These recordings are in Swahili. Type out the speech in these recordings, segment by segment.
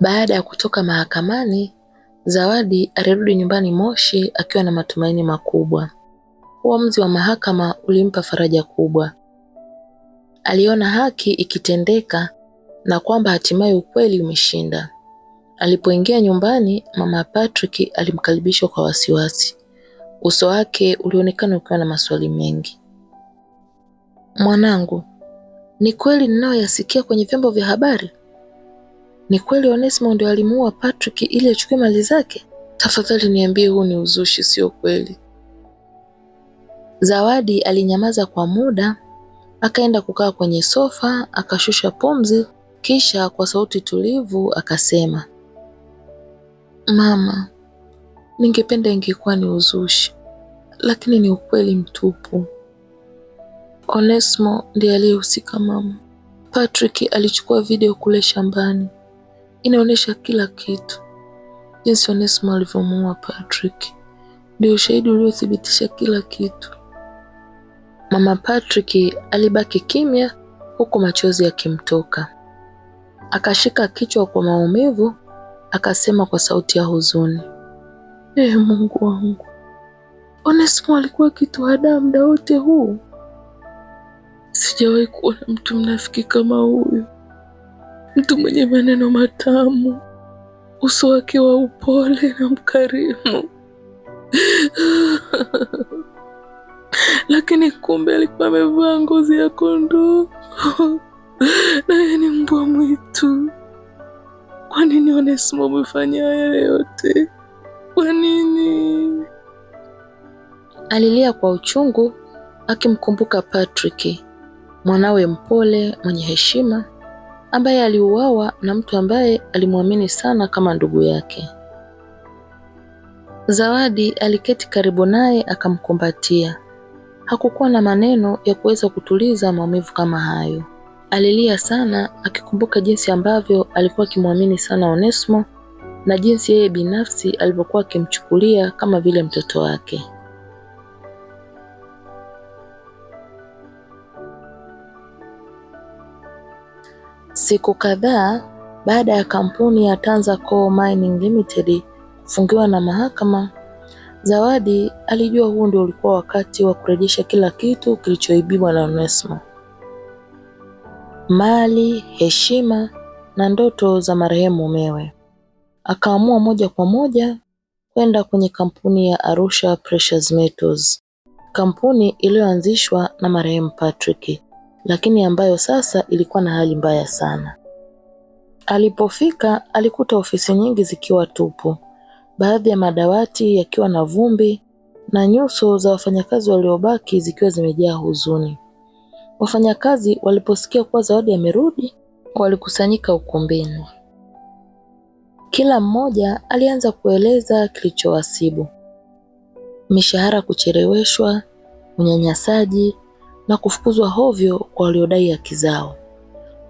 Baada ya kutoka mahakamani, Zawadi alirudi nyumbani Moshi akiwa na matumaini makubwa. Uamuzi wa mahakama ulimpa faraja kubwa. Aliona haki ikitendeka na kwamba hatimaye ukweli umeshinda. Alipoingia nyumbani, mama Patrick alimkaribisha kwa wasiwasi. Uso wake ulionekana ukiwa na maswali mengi. Mwanangu, ni kweli ninayoyasikia kwenye vyombo vya habari? Ni kweli Onesimo ndio alimuua Patrick ili achukue mali zake? Tafadhali niambie huu ni uzushi, sio kweli. Zawadi alinyamaza kwa muda, akaenda kukaa kwenye sofa, akashusha pumzi, kisha kwa sauti tulivu akasema, Mama, ningependa ingekuwa ni uzushi, lakini ni ukweli mtupu. Onesimo ndiye aliyehusika mama. Patrick alichukua video kule shambani inaonyesha kila kitu. Jinsi Onesimo alivyomuua Patrick ndio ushahidi uliothibitisha kila kitu. Mama Patrick alibaki kimya, huku machozi yakimtoka. Akashika kichwa kwa maumivu, akasema kwa sauti ya huzuni, ee Mungu wangu, Onesmo alikuwa kitu hadaa muda wote huu? Sijawahi kuona mtu mnafiki kama huyu mtu mwenye maneno matamu, uso wake wa upole na mkarimu lakini kumbe alikuwa amevaa ngozi ya kondoo naye ni mbwa mwitu. Kwa nini Onesimo umefanya haya yote? Kwa nini? Alilia kwa uchungu akimkumbuka Patrick, mwanawe mpole mwenye heshima ambaye aliuawa na mtu ambaye alimwamini sana kama ndugu yake. Zawadi aliketi karibu naye akamkumbatia. Hakukuwa na maneno ya kuweza kutuliza maumivu kama hayo. Alilia sana akikumbuka jinsi ambavyo alikuwa akimwamini sana Onesmo na jinsi yeye binafsi alivyokuwa akimchukulia kama vile mtoto wake. Siku kadhaa baada ya kampuni ya Tanza Coal Mining Limited kufungiwa na mahakama, Zawadi alijua huu ndio ulikuwa wakati wa kurejesha kila kitu kilichoibiwa na Onesmo: mali, heshima na ndoto za marehemu mumewe. Akaamua moja kwa moja kwenda kwenye kampuni ya Arusha Precious Metals, kampuni iliyoanzishwa na marehemu Patrick lakini ambayo sasa ilikuwa na hali mbaya sana. Alipofika alikuta ofisi nyingi zikiwa tupu, baadhi ya madawati yakiwa na vumbi na nyuso za wafanyakazi waliobaki zikiwa zimejaa huzuni. Wafanyakazi waliposikia kuwa Zawadi amerudi, walikusanyika ukumbini. Kila mmoja alianza kueleza kilichowasibu: mishahara kucheleweshwa, unyanyasaji, na kufukuzwa hovyo kwa waliodai haki zao.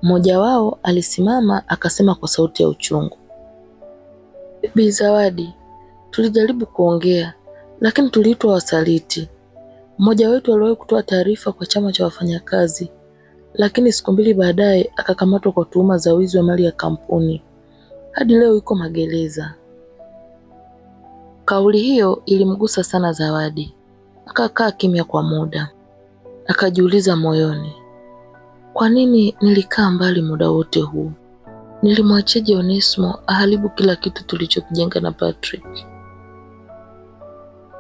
Mmoja wao alisimama akasema kwa sauti ya uchungu, Bi Zawadi, tulijaribu kuongea lakini tuliitwa wasaliti. Mmoja wetu aliwahi kutoa taarifa kwa chama cha wafanyakazi, lakini siku mbili baadaye akakamatwa kwa tuhuma za wizi wa mali ya kampuni. Hadi leo yuko magereza. Kauli hiyo ilimgusa sana Zawadi, akakaa kimya kwa muda. Akajiuliza moyoni, kwa nini nilikaa mbali muda wote huu? Nilimwachaje onesimo aharibu kila kitu tulichokijenga na Patrick?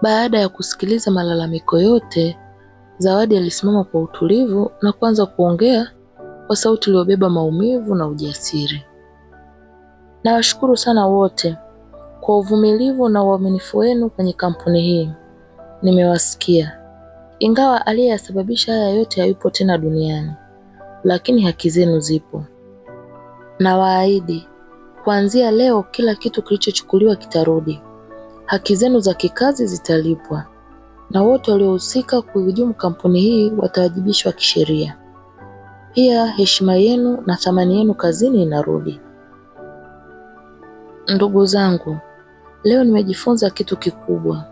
Baada ya kusikiliza malalamiko yote, Zawadi alisimama kwa utulivu na kuanza kuongea kwa sauti iliyobeba maumivu na ujasiri. Nawashukuru sana wote kwa uvumilivu na uaminifu wenu kwenye kampuni hii. Nimewasikia ingawa aliyeyasababisha haya yote hayupo tena duniani, lakini haki zenu zipo. Nawaahidi, kuanzia leo kila kitu kilichochukuliwa kitarudi, haki zenu za kikazi zitalipwa, na wote waliohusika kuhujumu kampuni hii watawajibishwa kisheria. Pia heshima yenu na thamani yenu kazini inarudi. Ndugu zangu, leo nimejifunza kitu kikubwa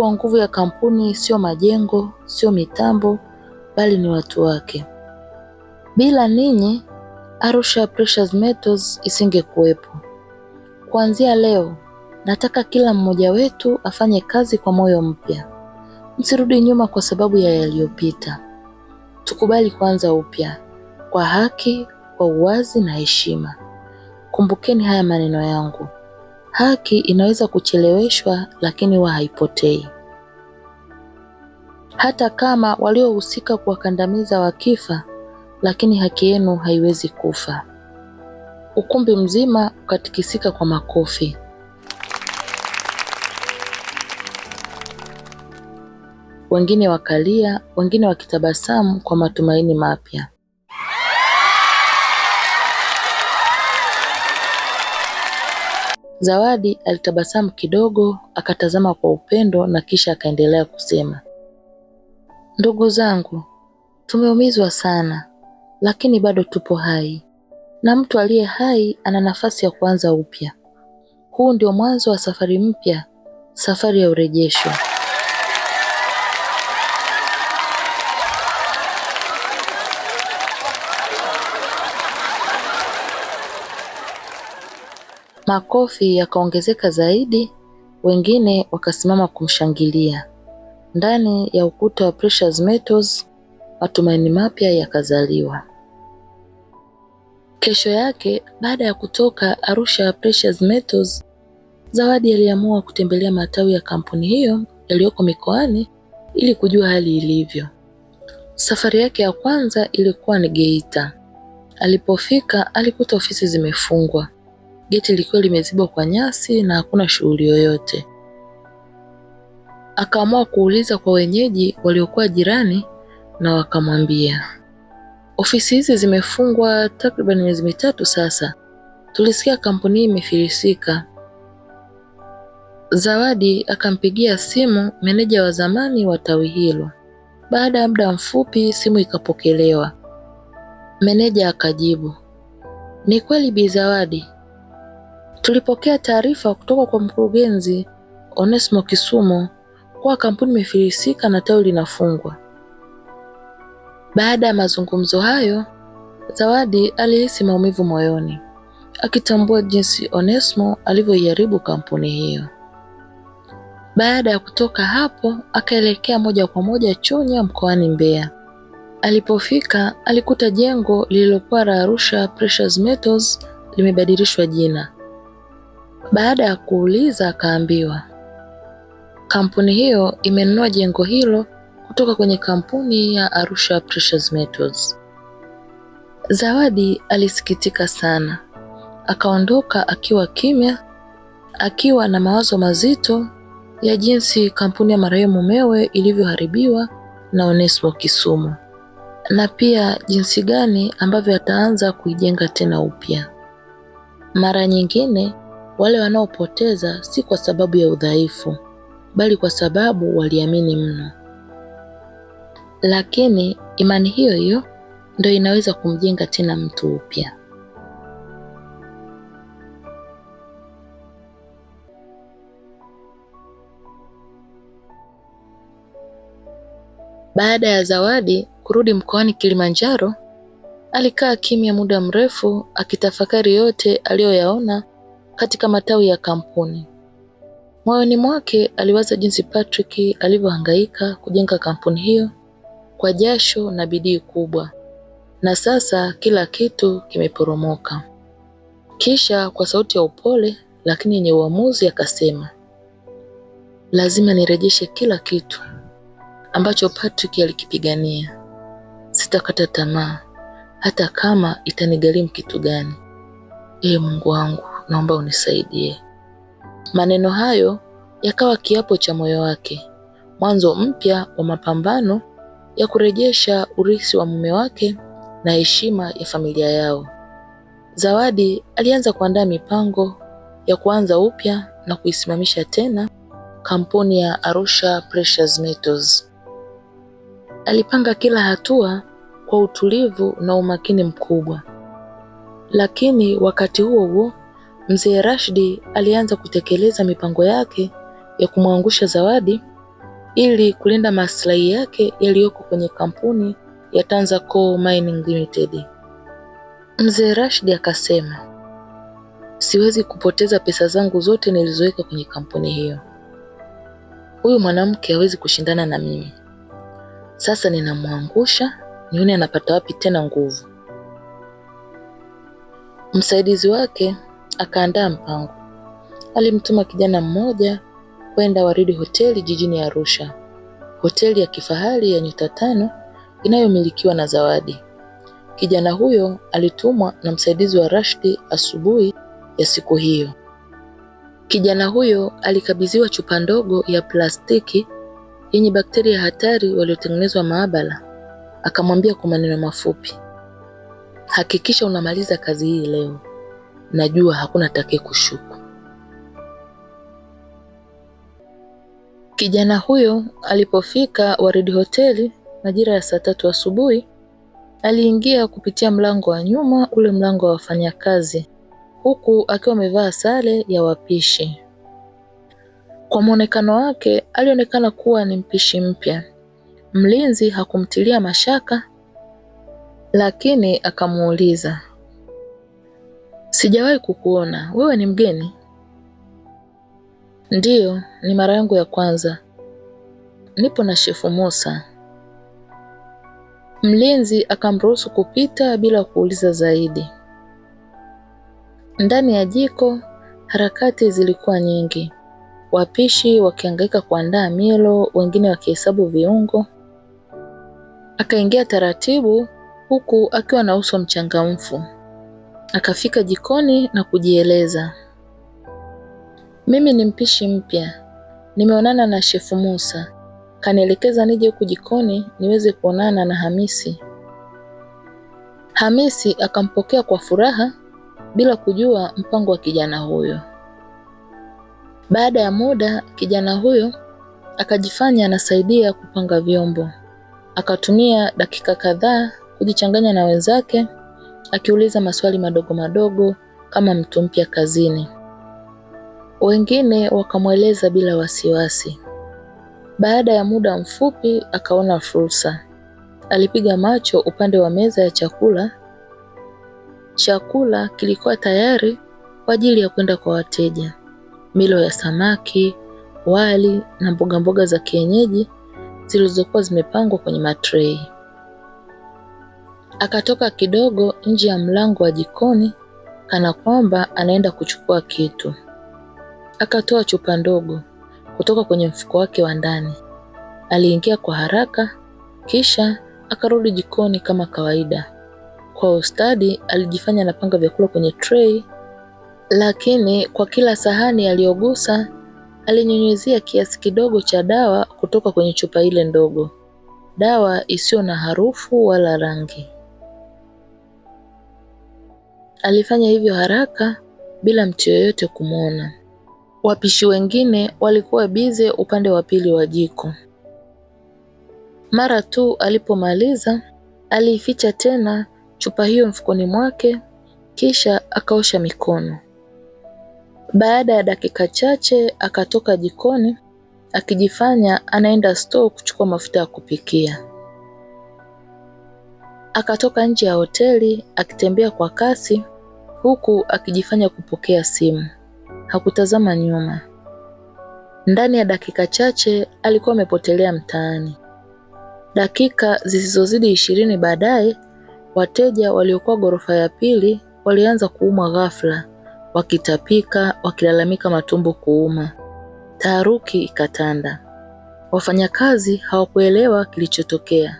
kuwa nguvu ya kampuni sio majengo, sio mitambo, bali ni watu wake. Bila ninyi, Arusha Precious Metals isingekuwepo. Kuanzia leo, nataka kila mmoja wetu afanye kazi kwa moyo mpya. Msirudi nyuma kwa sababu ya yaliyopita. Tukubali kuanza upya kwa haki, kwa uwazi na heshima. Kumbukeni haya maneno yangu. Haki inaweza kucheleweshwa lakini huwa haipotei. Hata kama waliohusika kuwakandamiza wakifa, lakini haki yenu haiwezi kufa. Ukumbi mzima ukatikisika kwa makofi. Wengine wakalia, wengine wakitabasamu kwa matumaini mapya. Zawadi alitabasamu kidogo, akatazama kwa upendo na kisha akaendelea kusema, ndugu zangu, tumeumizwa sana, lakini bado tupo hai, na mtu aliye hai ana nafasi ya kuanza upya. Huu ndio mwanzo wa safari mpya, safari ya urejesho. Makofi yakaongezeka zaidi, wengine wakasimama kumshangilia. Ndani ya ukuta wa Precious Metals matumaini mapya yakazaliwa. Kesho yake baada ya kutoka Arusha ya Precious Metals, Zawadi aliamua kutembelea matawi ya kampuni hiyo yaliyoko mikoani ili kujua hali ilivyo. Safari yake ya kwanza ilikuwa ni Geita. Alipofika alikuta ofisi zimefungwa geti likiwa limezibwa kwa nyasi na hakuna shughuli yoyote. Akaamua kuuliza kwa wenyeji waliokuwa jirani na wakamwambia, ofisi hizi zimefungwa takriban miezi mitatu sasa, tulisikia kampuni hii imefilisika. Zawadi akampigia simu meneja wa zamani wa tawi hilo. Baada ya muda mfupi simu ikapokelewa. Meneja akajibu, ni kweli Bi Zawadi, Tulipokea taarifa kutoka kwa mkurugenzi Onesmo Kisumo kuwa kampuni imefilisika na tawi linafungwa. Baada ya mazungumzo hayo, Zawadi alihisi maumivu moyoni, akitambua jinsi Onesmo alivyoiharibu kampuni hiyo. Baada ya kutoka hapo, akaelekea moja kwa moja Chunya mkoani Mbeya. Alipofika alikuta jengo lililokuwa la Arusha Precious Metals limebadilishwa jina baada ya kuuliza akaambiwa kampuni hiyo imenunua jengo hilo kutoka kwenye kampuni ya Arusha Precious Metals. Zawadi alisikitika sana, akaondoka akiwa kimya, akiwa na mawazo mazito ya jinsi kampuni ya marehemu mumewe ilivyoharibiwa na Onesmo Kisumu, na pia jinsi gani ambavyo ataanza kuijenga tena upya. Mara nyingine wale wanaopoteza si kwa sababu ya udhaifu, bali kwa sababu waliamini mno. Lakini imani hiyo hiyo ndio inaweza kumjenga tena mtu upya. Baada ya Zawadi kurudi mkoani Kilimanjaro, alikaa kimya muda mrefu akitafakari yote aliyoyaona katika matawi ya kampuni. Moyoni mwake aliwaza jinsi Patrick alivyohangaika kujenga kampuni hiyo kwa jasho na bidii kubwa, na sasa kila kitu kimeporomoka. Kisha kwa sauti ya upole lakini yenye uamuzi akasema, lazima nirejeshe kila kitu ambacho Patrick alikipigania. Sitakata tamaa hata kama itanigharimu kitu gani. Ee Mungu wangu, naomba unisaidie. Maneno hayo yakawa kiapo cha moyo wake, mwanzo mpya wa mapambano ya kurejesha urithi wa mume wake na heshima ya familia yao. Zawadi alianza kuandaa mipango ya kuanza upya na kuisimamisha tena kampuni ya Arusha Precious Metals. Alipanga kila hatua kwa utulivu na umakini mkubwa, lakini wakati huo huo Mzee Rashidi alianza kutekeleza mipango yake ya kumwangusha Zawadi ili kulinda maslahi yake yaliyoko kwenye kampuni ya Tanza Coal Mining Limited. Mzee Rashidi akasema, siwezi kupoteza pesa zangu zote nilizoweka kwenye kampuni hiyo. Huyu mwanamke hawezi kushindana na mimi. Sasa ninamwangusha, nione anapata wapi tena nguvu. Msaidizi wake akaandaa mpango. Alimtuma kijana mmoja kwenda Waridi Hoteli jijini Arusha, hoteli ya kifahari ya nyota tano inayomilikiwa na Zawadi. Kijana huyo alitumwa na msaidizi wa Rashdi asubuhi ya siku hiyo. Kijana huyo alikabidhiwa chupa ndogo ya plastiki yenye bakteria hatari waliotengenezwa maabara, akamwambia kwa maneno mafupi, hakikisha unamaliza kazi hii leo najua hakuna atakaye kushuku. Kijana huyo alipofika Waridi hoteli majira ya saa tatu asubuhi, aliingia kupitia mlango wa nyuma, ule mlango wa wafanyakazi, huku akiwa amevaa sare ya wapishi. Kwa mwonekano wake alionekana kuwa ni mpishi mpya. Mlinzi hakumtilia mashaka, lakini akamuuliza Sijawahi kukuona. Wewe ni mgeni? Ndiyo, ni mara yangu ya kwanza. Nipo na Shefu Musa. Mlinzi akamruhusu kupita bila kuuliza zaidi. Ndani ya jiko harakati zilikuwa nyingi, wapishi wakihangaika kuandaa milo, wengine wakihesabu viungo. Akaingia taratibu, huku akiwa na uso mchangamfu. Akafika jikoni na kujieleza, mimi ni mpishi mpya, nimeonana na shefu Musa, kanielekeza nije huku jikoni niweze kuonana na Hamisi. Hamisi akampokea kwa furaha bila kujua mpango wa kijana huyo. Baada ya muda, kijana huyo akajifanya anasaidia kupanga vyombo, akatumia dakika kadhaa kujichanganya na wenzake akiuliza maswali madogo madogo kama mtu mpya kazini. Wengine wakamweleza bila wasiwasi. Baada ya muda mfupi akaona fursa. Alipiga macho upande wa meza ya chakula. Chakula kilikuwa tayari kwa ajili ya kwenda kwa wateja: milo ya samaki, wali na mboga mboga za kienyeji zilizokuwa zimepangwa kwenye matrei. Akatoka kidogo nje ya mlango wa jikoni kana kwamba anaenda kuchukua kitu. Akatoa chupa ndogo kutoka kwenye mfuko wake wa ndani. Aliingia kwa haraka kisha akarudi jikoni kama kawaida. Kwa ustadi alijifanya anapanga vyakula kwenye trei, lakini kwa kila sahani aliyogusa alinyunyizia kiasi kidogo cha dawa kutoka kwenye chupa ile ndogo, dawa isiyo na harufu wala rangi. Alifanya hivyo haraka bila mtu yeyote kumwona. Wapishi wengine walikuwa bize upande wa pili wa jiko. Mara tu alipomaliza, aliificha tena chupa hiyo mfukoni mwake, kisha akaosha mikono. Baada ya dakika chache akatoka jikoni akijifanya anaenda store kuchukua mafuta ya kupikia akatoka nje ya hoteli akitembea kwa kasi huku akijifanya kupokea simu. Hakutazama nyuma. Ndani ya dakika chache alikuwa amepotelea mtaani. Dakika zisizozidi ishirini baadaye, wateja waliokuwa ghorofa ya pili walianza kuumwa ghafla, wakitapika, wakilalamika matumbo kuuma. Taharuki ikatanda. Wafanyakazi hawakuelewa kilichotokea.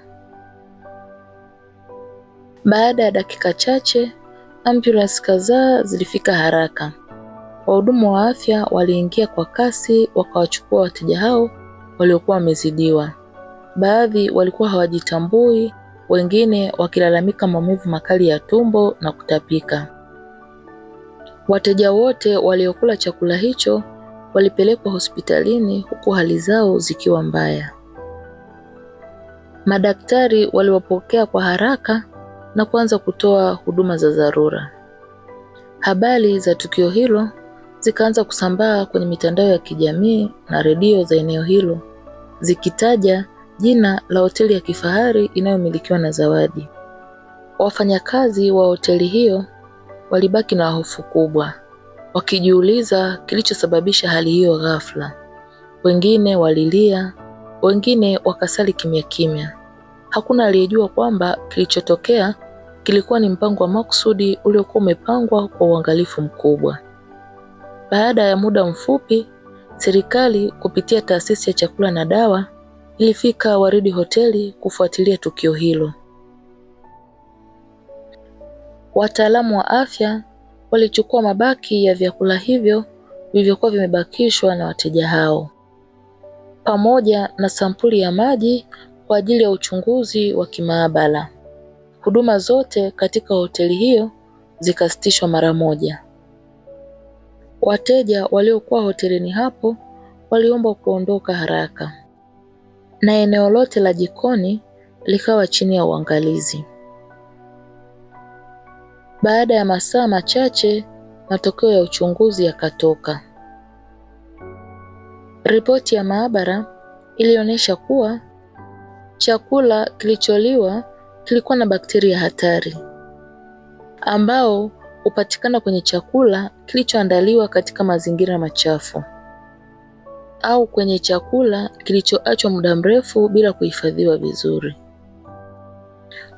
Baada ya dakika chache, ambulance kadhaa zilifika haraka. Wahudumu wa afya waliingia kwa kasi wakawachukua wateja hao waliokuwa wamezidiwa. Baadhi walikuwa hawajitambui, wengine wakilalamika maumivu makali ya tumbo na kutapika. Wateja wote waliokula chakula hicho walipelekwa hospitalini huku hali zao zikiwa mbaya. Madaktari waliwapokea kwa haraka na kuanza kutoa huduma za dharura. Habari za tukio hilo zikaanza kusambaa kwenye mitandao ya kijamii na redio za eneo hilo zikitaja jina la hoteli ya kifahari inayomilikiwa na Zawadi. Wafanyakazi wa hoteli hiyo walibaki na hofu kubwa, wakijiuliza kilichosababisha hali hiyo ghafla. Wengine walilia, wengine wakasali kimya kimya. Hakuna aliyejua kwamba kilichotokea kilikuwa ni mpango wa makusudi uliokuwa umepangwa kwa uangalifu mkubwa. Baada ya muda mfupi, serikali kupitia taasisi ya chakula na dawa ilifika Waridi Hoteli kufuatilia tukio hilo. Wataalamu wa afya walichukua mabaki ya vyakula hivyo vilivyokuwa vimebakishwa na wateja hao pamoja na sampuli ya maji kwa ajili ya uchunguzi wa kimaabara. Huduma zote katika hoteli hiyo zikasitishwa mara moja. Wateja waliokuwa hotelini hapo waliombwa kuondoka haraka, na eneo lote la jikoni likawa chini ya uangalizi. Baada ya masaa machache, matokeo ya uchunguzi yakatoka. Ripoti ya maabara ilionyesha kuwa Chakula kilicholiwa kilikuwa na bakteria hatari ambao hupatikana kwenye chakula kilichoandaliwa katika mazingira machafu au kwenye chakula kilichoachwa muda mrefu bila kuhifadhiwa vizuri.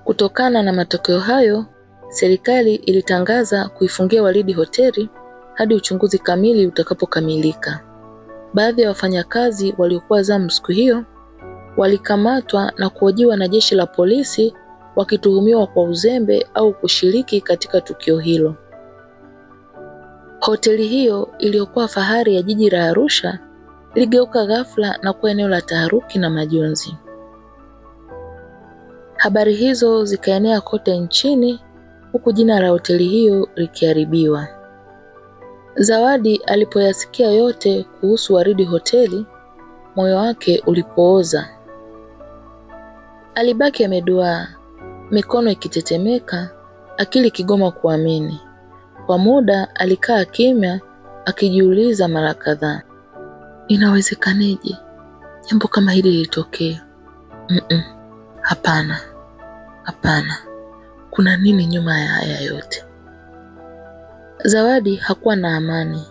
Kutokana na matokeo hayo, serikali ilitangaza kuifungia Walidi hoteli hadi uchunguzi kamili utakapokamilika. Baadhi ya wafanyakazi waliokuwa zamu siku hiyo walikamatwa na kuhojiwa na jeshi la polisi wakituhumiwa kwa uzembe au kushiriki katika tukio hilo. Hoteli hiyo iliyokuwa fahari ya jiji la Arusha iligeuka ghafla na kuwa eneo la taharuki na majonzi. Habari hizo zikaenea kote nchini huku jina la hoteli hiyo likiharibiwa. Zawadi alipoyasikia yote kuhusu Waridi Hoteli, moyo wake ulipooza Alibaki ameduaa, mikono ikitetemeka, akili kigoma kuamini. Kwa muda alikaa kimya, akijiuliza mara kadhaa, inawezekaneje jambo kama hili lilitokea? mm -mm. Hapana, hapana, kuna nini nyuma ya haya yote? Zawadi hakuwa na amani.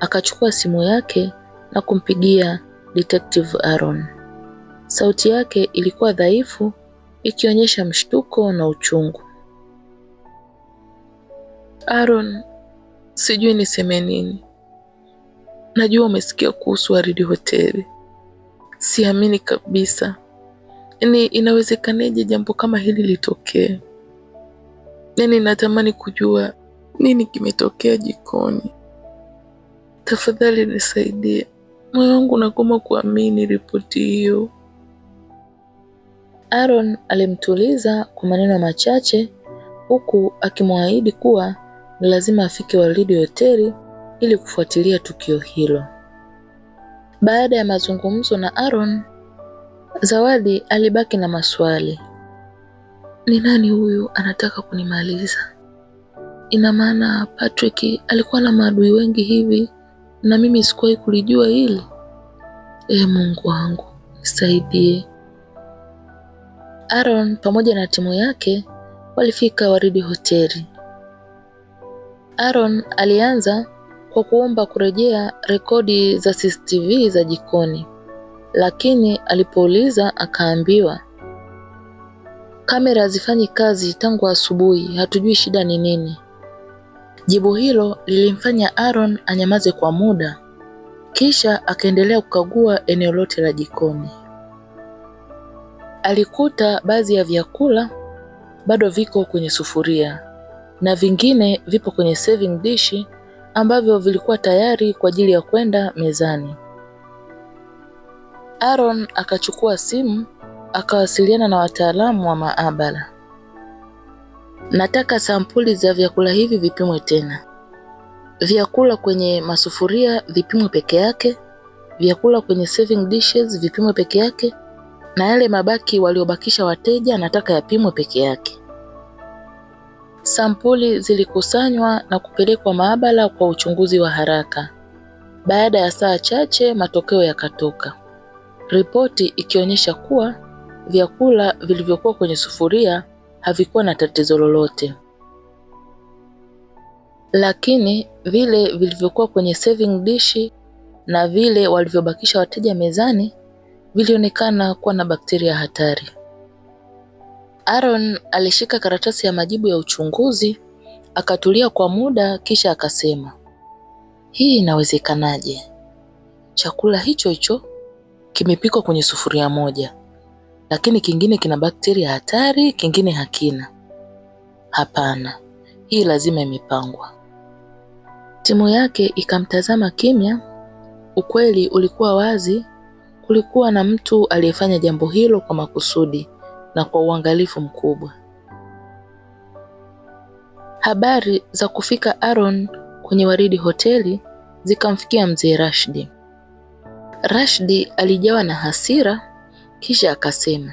Akachukua simu yake na kumpigia Detective Aaron. Sauti yake ilikuwa dhaifu, ikionyesha mshtuko na uchungu. Aaron, sijui niseme nini. Najua umesikia kuhusu Waridi Hoteli. Siamini kabisa, Ni inawezekanaje jambo kama hili litokee? Yaani natamani kujua nini kimetokea jikoni. Tafadhali nisaidie, moyo wangu unagoma kuamini ripoti hiyo. Aaron alimtuliza kwa maneno machache huku akimwahidi kuwa ni lazima afike Waridi hoteli ili kufuatilia tukio hilo. Baada ya mazungumzo na Aaron, Zawadi alibaki na maswali. Ni nani huyu anataka kunimaliza? Ina maana Patrick alikuwa na maadui wengi hivi na mimi sikuwahi kulijua hili? Ee Mungu wangu, nisaidie. Aaron pamoja na timu yake walifika Waridi Hoteli. Aaron alianza kwa kuomba kurejea rekodi za CCTV za jikoni, lakini alipouliza akaambiwa kamera hazifanyi kazi tangu asubuhi, hatujui shida ni nini. Jibu hilo lilimfanya Aaron anyamaze kwa muda, kisha akaendelea kukagua eneo lote la jikoni. Alikuta baadhi ya vyakula bado viko kwenye sufuria na vingine vipo kwenye serving dish ambavyo vilikuwa tayari kwa ajili ya kwenda mezani. Aaron akachukua simu akawasiliana na wataalamu wa maabara. Nataka sampuli za vyakula hivi vipimwe tena. Vyakula kwenye masufuria vipimwe peke yake, vyakula kwenye serving dishes vipimwe peke yake na yale mabaki waliobakisha wateja nataka yapimwe peke yake. Sampuli zilikusanywa na kupelekwa maabara kwa uchunguzi wa haraka. Baada ya saa chache, matokeo yakatoka, ripoti ikionyesha kuwa vyakula vilivyokuwa kwenye sufuria havikuwa na tatizo lolote, lakini vile vilivyokuwa kwenye serving dishi na vile walivyobakisha wateja mezani vilionekana kuwa na bakteria hatari. Aaron alishika karatasi ya majibu ya uchunguzi, akatulia kwa muda, kisha akasema, hii inawezekanaje? Chakula hicho hicho kimepikwa kwenye sufuria moja, lakini kingine kina bakteria hatari, kingine hakina. Hapana, hii lazima imepangwa. Timu yake ikamtazama kimya. Ukweli ulikuwa wazi kulikuwa na mtu aliyefanya jambo hilo kwa makusudi na kwa uangalifu mkubwa. Habari za kufika Aaron kwenye Waridi Hoteli zikamfikia mzee Rashdi. Rashdi alijawa na hasira, kisha akasema,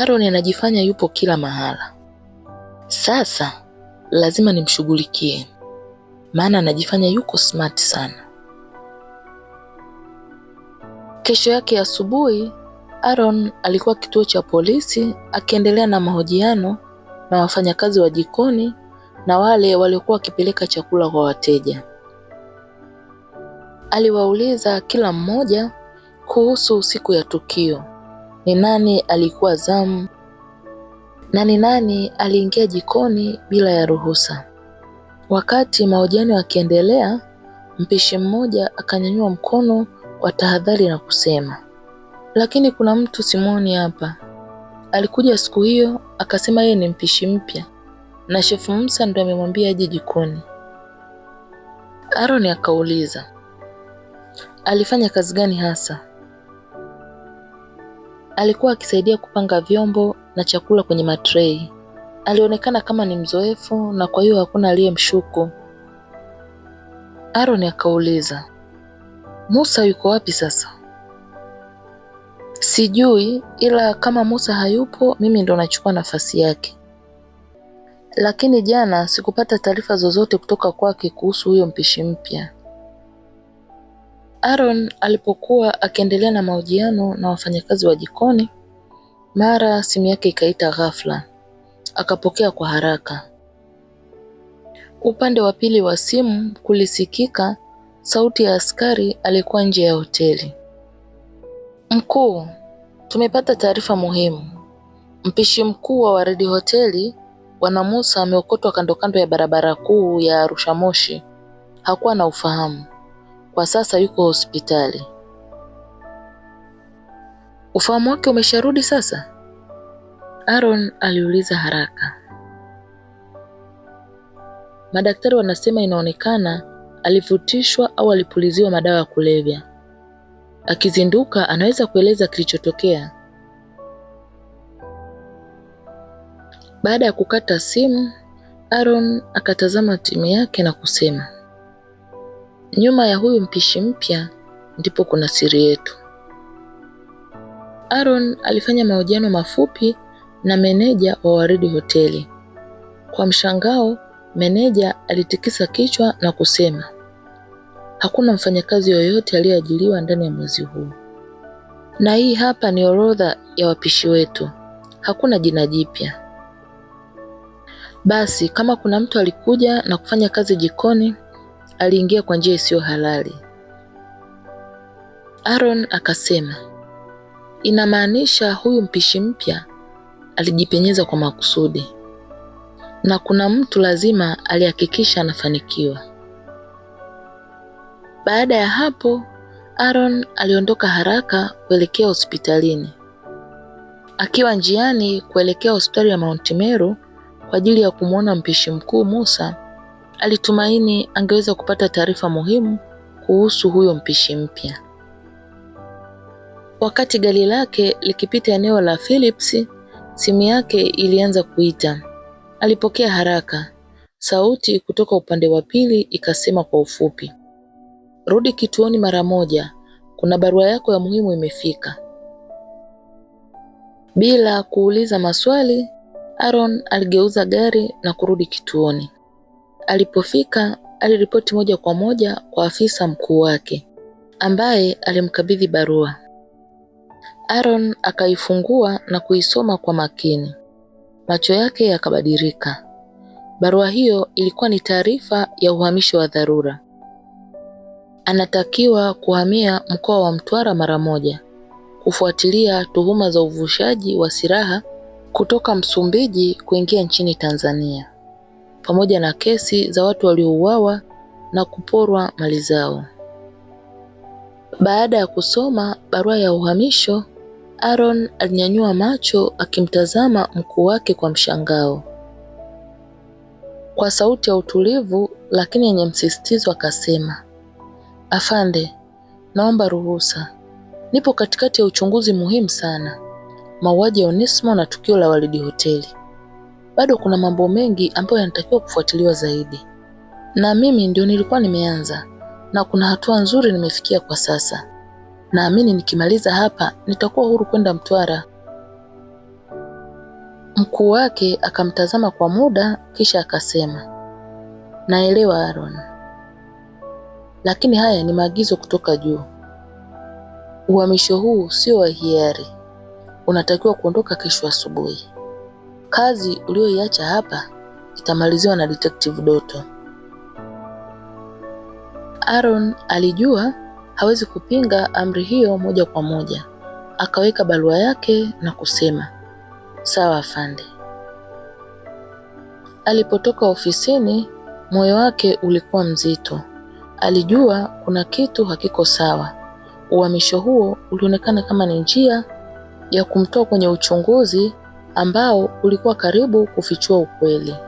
Aaron anajifanya yupo kila mahala, sasa lazima nimshughulikie, maana anajifanya yuko smart sana. Kesho yake asubuhi, Aaron alikuwa kituo cha polisi akiendelea na mahojiano na wafanyakazi wa jikoni na wale waliokuwa wakipeleka chakula kwa wateja. Aliwauliza kila mmoja kuhusu siku ya tukio, ni nani alikuwa zamu na ni nani aliingia jikoni bila ya ruhusa. Wakati mahojiano yakiendelea, mpishi mmoja akanyanyua mkono kwa tahadhari na kusema, lakini kuna mtu simuoni hapa. Alikuja siku hiyo akasema yeye ni mpishi mpya na shefu Musa ndo amemwambia aje jikoni. Aaron akauliza, alifanya kazi gani hasa? Alikuwa akisaidia kupanga vyombo na chakula kwenye matrei. Alionekana kama ni mzoefu, na kwa hiyo hakuna aliyemshuku. Aaron akauliza Musa yuko wapi sasa? Sijui, ila kama Musa hayupo, mimi ndo nachukua nafasi yake. Lakini jana sikupata taarifa zozote kutoka kwake kuhusu huyo mpishi mpya. Aaron alipokuwa akiendelea na mahojiano na wafanyakazi wa jikoni, mara simu yake ikaita ghafla, akapokea kwa haraka. Upande wa pili wa simu kulisikika Sauti ya askari alikuwa nje ya hoteli. Mkuu, tumepata taarifa muhimu. Mpishi mkuu wa Waridi Hoteli Bwana Musa ameokotwa kando kando ya barabara kuu ya Arusha Moshi. Hakuwa na ufahamu. Kwa sasa yuko hospitali. Ufahamu wake umesharudi sasa? Aaron aliuliza haraka. Madaktari wanasema inaonekana alivutishwa au alipuliziwa madawa ya kulevya. Akizinduka anaweza kueleza kilichotokea. Baada ya kukata simu, Aaron akatazama timu yake na kusema, nyuma ya huyu mpishi mpya ndipo kuna siri yetu. Aaron alifanya mahojiano mafupi na meneja wa Waridi Hoteli. Kwa mshangao, meneja alitikisa kichwa na kusema, Hakuna mfanyakazi yoyote aliyeajiriwa ndani ya mwezi huu. Na hii hapa ni orodha ya wapishi wetu, hakuna jina jipya. Basi kama kuna mtu alikuja na kufanya kazi jikoni, aliingia kwa njia isiyo halali. Aaron akasema, inamaanisha huyu mpishi mpya alijipenyeza kwa makusudi, na kuna mtu lazima alihakikisha anafanikiwa. Baada ya hapo, Aaron aliondoka haraka kuelekea hospitalini. Akiwa njiani kuelekea hospitali ya Mount Meru kwa ajili ya kumwona mpishi mkuu Musa, alitumaini angeweza kupata taarifa muhimu kuhusu huyo mpishi mpya. Wakati gari lake likipita eneo la Phillips, simu yake ilianza kuita. Alipokea haraka. Sauti kutoka upande wa pili ikasema kwa ufupi, Rudi kituoni mara moja, kuna barua yako ya muhimu imefika. Bila kuuliza maswali, Aaron aligeuza gari na kurudi kituoni. Alipofika, aliripoti moja kwa moja kwa afisa mkuu wake ambaye alimkabidhi barua. Aaron akaifungua na kuisoma kwa makini, macho yake yakabadilika. Barua hiyo ilikuwa ni taarifa ya uhamisho wa dharura anatakiwa kuhamia mkoa wa Mtwara mara moja kufuatilia tuhuma za uvushaji wa silaha kutoka Msumbiji kuingia nchini Tanzania pamoja na kesi za watu waliouawa na kuporwa mali zao. Baada ya kusoma barua ya uhamisho, Aaron alinyanyua macho akimtazama mkuu wake kwa mshangao. Kwa sauti ya utulivu lakini yenye msisitizo akasema, Afande, naomba ruhusa. Nipo katikati ya uchunguzi muhimu sana, mauaji ya onesimo na tukio la Walidi Hoteli. Bado kuna mambo mengi ambayo yanatakiwa kufuatiliwa zaidi, na mimi ndio nilikuwa nimeanza, na kuna hatua nzuri nimefikia kwa sasa. Naamini nikimaliza hapa nitakuwa huru kwenda Mtwara. Mkuu wake akamtazama kwa muda, kisha akasema, naelewa Aaron lakini haya ni maagizo kutoka juu. Uhamisho huu sio wa hiari, unatakiwa kuondoka kesho asubuhi. Kazi uliyoiacha hapa itamaliziwa na Detective Doto. Aaron alijua hawezi kupinga amri hiyo moja kwa moja, akaweka barua yake na kusema sawa afande. Alipotoka ofisini, moyo wake ulikuwa mzito. Alijua kuna kitu hakiko sawa. Uhamisho huo ulionekana kama ni njia ya kumtoa kwenye uchunguzi ambao ulikuwa karibu kufichua ukweli.